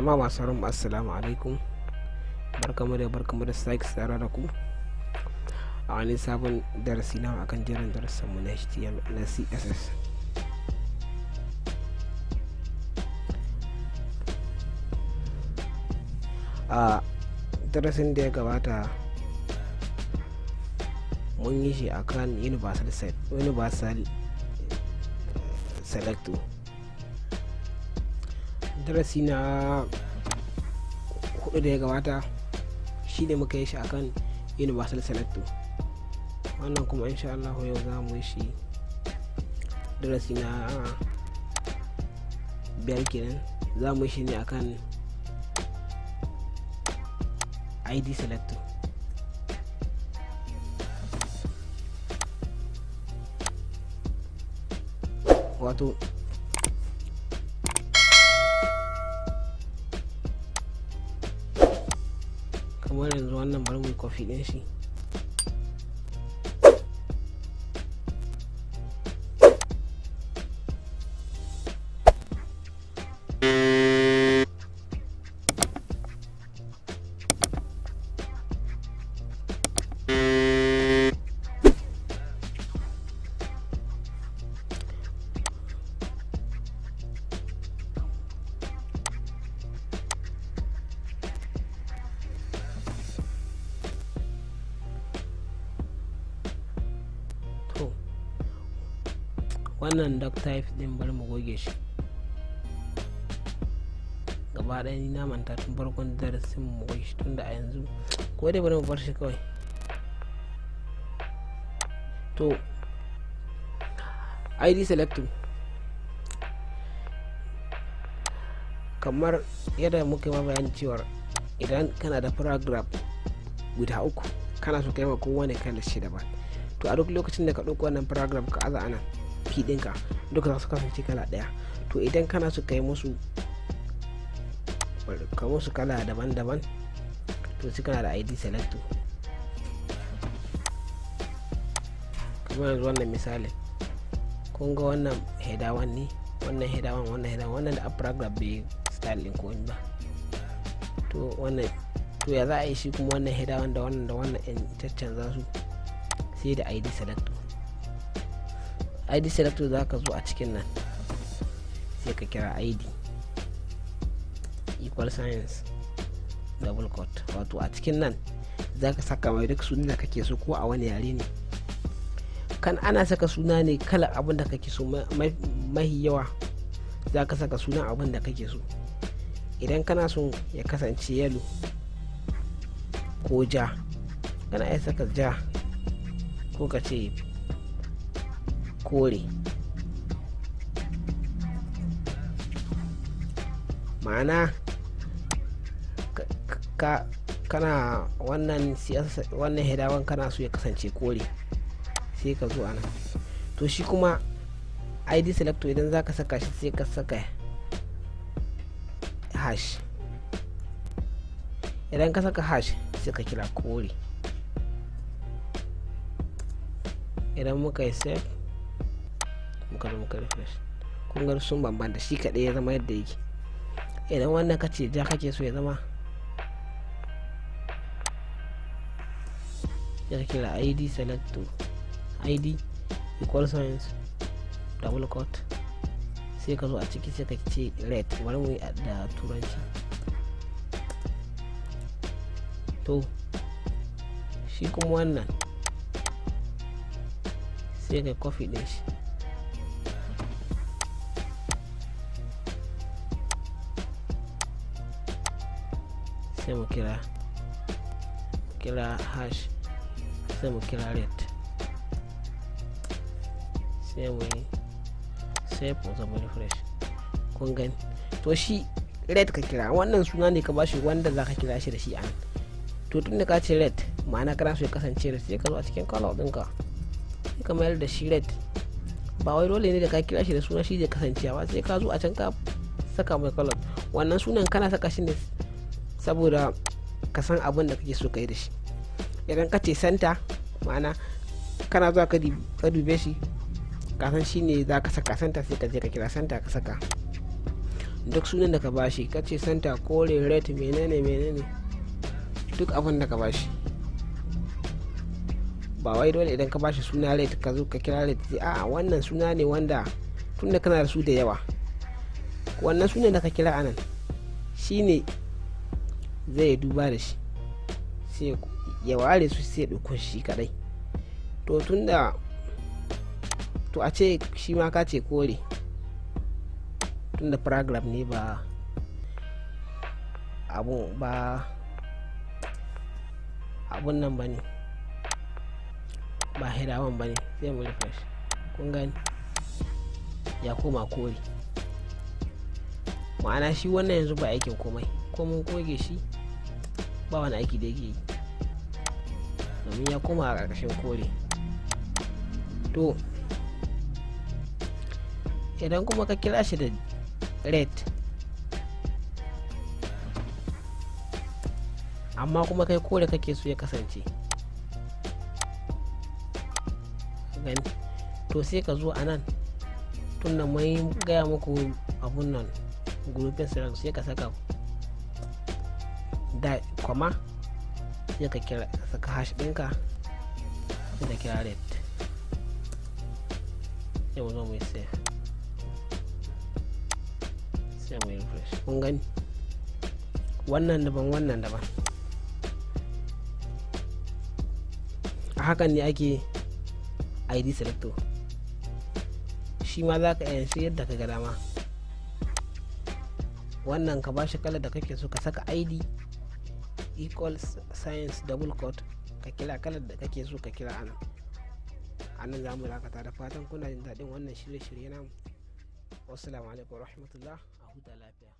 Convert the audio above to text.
jama'a masu ranmu assalamu alaikum barkamu da barkamu da sake tsara da ku a wani sabon darasi na akan jiran darasanmu na html na css a darasin da ya gabata mun yi shi akan universal set universal selector darasi na hudu da ya gabata shi ne muka yi shi akan universal selector wannan kuma insha Allah yau za mu yi shi darasi na biyar kenan za mu yi shi ne akan id selector wato kamar yanzu wannan bari mu kofi ɗin shi wannan duck type din bari mu goge shi gaba ɗaya na manta tun farkon darasin mu goge shi tun da a yanzu ko dai bari mu bar shi kawai to id selector kamar yadda muka yi mabayan cewar idan kana da paragraph guda uku kana so kai ma kowane kan da shi daban to a duk lokacin da ka ɗauko wannan paragraph ka aza anan p dinka duka za su kasance kala daya to idan kana su kai musu ka musu kala daban-daban to su kana da id select kuma yanzu wannan misali kun ga wannan hedawan ne wannan hedawan wannan hedawan wannan da paragraph bai style ko wani ba to wannan to ya za a yi shi kuma wannan hedawan da wannan da wannan in za su sai da id select id selector za ka zo a cikin nan sai ka kira id equal science double quote wato a cikin nan za ka saka mai duk suna da kake so ko a wani yare ne kan ana saka suna ne kala abin da kake so mahi yawa za ka saka sunan abin da kake so idan kana so ya kasance yalo ko ja kana iya saka ja ko ka ce kore ma'ana ka kana wannan wannan hidawan kana so ya kasance kore sai ka zo ana to shi kuma id selector idan za ka saka shi sai ka saka hash idan ka saka hash sai ka kira kore idan muka yi save muka zo muka refresh kun ga sun bambanta shi kaɗai ya zama yadda yake idan wannan kace ja kake so ya zama ya kira id select to id equal signs double quote sai ka zo a ciki sai ka ce red bari mu da turanci to shi kuma wannan sai ka kofi din shi sai mu kila hash sai mu kira rate sai mu yi sai zama refresh kun to shi red ka kira wannan suna ne ka bashi wanda za ka kira shi da shi an to tun da ka ce red ma'ana kana so ya kasance red sai ka zo a cikin color dinka sai ka mayar da shi red ba wai dole ne da ka kira shi da suna shi zai kasance ba sai ka zo a can ka saka mai color wannan sunan kana saka shi ne saboda ka san abin da kake so ka yi da shi idan ka ce santa ma'ana kana zuwa ka dube shi ka san shi ne za ka saka santa sai ka je ka kira santa ka saka duk sunan da ka ba shi ka ce santa kore red menene menene duk abin da ka ba shi. ba wai dole idan ka ba shi suna red ka zo ka kira red sai a wannan suna ne wanda tunda kana da su da yawa wannan sunan da ka kira anan shine zai duba da shi sai ya ware su sai ɗauko shi kadai to tun da to a ce shi ma ka ce kore tun da paragraph ne ba abun ba abun nan ba ne ba hirawan ba ne sai mu refresh kun gani ya koma kore ma'ana shi wannan yanzu ba aikin komai ko mun goge shi ba wani aiki da yake domin ya koma a ƙarƙashin kore to idan kuma ka kira shi da red amma kuma kai kore kake so ya kasance gani to sai ka zo a nan tun da mai gaya muku abun nan gurufin sirar sai ka saka kwama sai ka kira saka hash ɗinka sai ka kira red yau zo mu yi sai sai mu yi refresh kun gani wannan daban wannan daban a hakan ne ake id selector shi ma za ka yanci yadda ka ga dama wannan ka bashi kalar da kake so ka saka id equals science double court ka kila kalar da kake so ka kira anan anan za mu dakata da fatan kuna jin daɗin wannan shirye-shirye namu wasu alaikum rahmatullah a huta lafiya